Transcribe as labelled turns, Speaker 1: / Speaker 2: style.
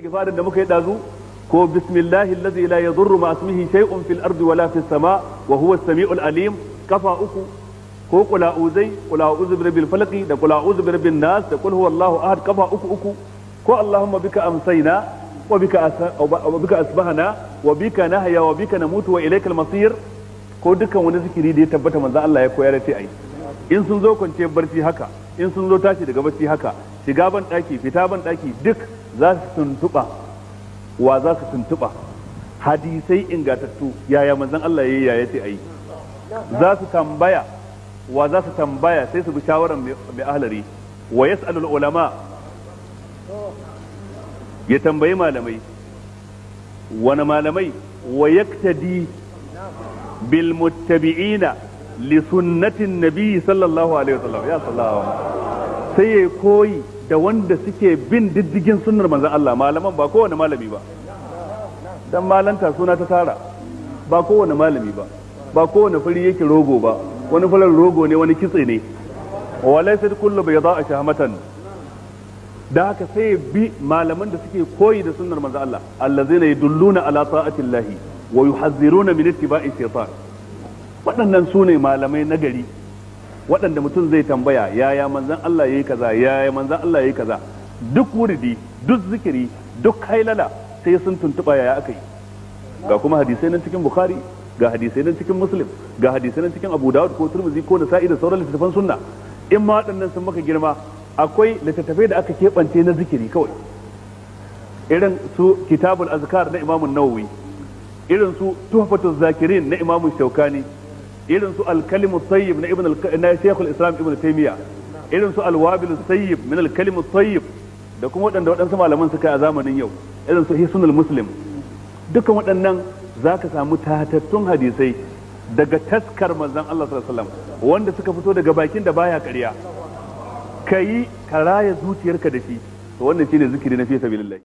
Speaker 1: istighfarin da muka yi dazu ko bismillahi allazi la yadurru ma ismihi shay'un fil ardi wala fis sama wa huwa as-sami'ul alim kafa uku ko qul a'udhu qul a'udhu bi rabbil falaq da qul a'udhu bi rabbin nas da qul huwallahu ahad kafa uku uku ko allahumma bika amsayna wa bika wa bika asbahna wa bika nahya wa bika namutu wa ilaykal masir ko dukkan wani zikiri da ya tabbata manzo Allah ya koyar sai ai in sun zo kwance barci haka in sun zo tashi daga barci haka shiga ban daki fita ban daki duk za su tuntuɓa wa za su tuntuɓa hadisai ingatattu yaya manzon Allah ya yi yaya ce ayi za su tambaya wa za su tambaya sai su bi shawarar mai ahalari wa ya yas'alul ulama ya tambayi malamai wani malamai wa ya bil di li sunnatin nabi sallallahu alaihi wasallam ya sallallahu sai ya koyi da wanda suke bin diddigin sunnar manzon Allah malaman ba kowane malami ba dan malanta suna ta tara ba kowane malami ba ba kowane fari yake rogo ba wani farar rogo ne wani kitse ne wa laysa kullu bayda'a shahmatan da haka sai bi malaman da suke koyi da sunnar manzo Allah allazina yadulluna ala ta'ati Allah wa yuhazziruna min ittiba'i shaytan waɗannan sune malamai nagari waɗanda mutum zai tambaya yaya manzan Allah ya yi kaza yaya manzan Allah ya yi kaza duk wuridi duk zikiri duk hailala sai sun tuntuba yaya aka yi ga kuma hadisai nan cikin bukhari ga hadisai nan cikin muslim ga hadisai nan cikin abu dawud ko turmuzi ko nasa'i da sauran littattafan sunna in ma waɗannan sun maka girma akwai littattafai da aka keɓance na zikiri kawai irin su kitabul azkar na imamun nawawi irin su tuhfatul zakirin na imamun shaukani irin su al-kalimu tayyib na ibn na shaykhul islam ibn taymiya irin su al-wabil tayyib min al tayyib da kuma waɗanda waɗansu malaman suka a zamanin yau irin su hisnul muslim dukkan waɗannan zaka samu tatattun hadisai daga taskar manzon Allah sallallahu alaihi wasallam wanda suka fito daga bakin da baya ƙarya kayi ka raya zuciyarka da shi to wannan ne zikiri na fi sabilillah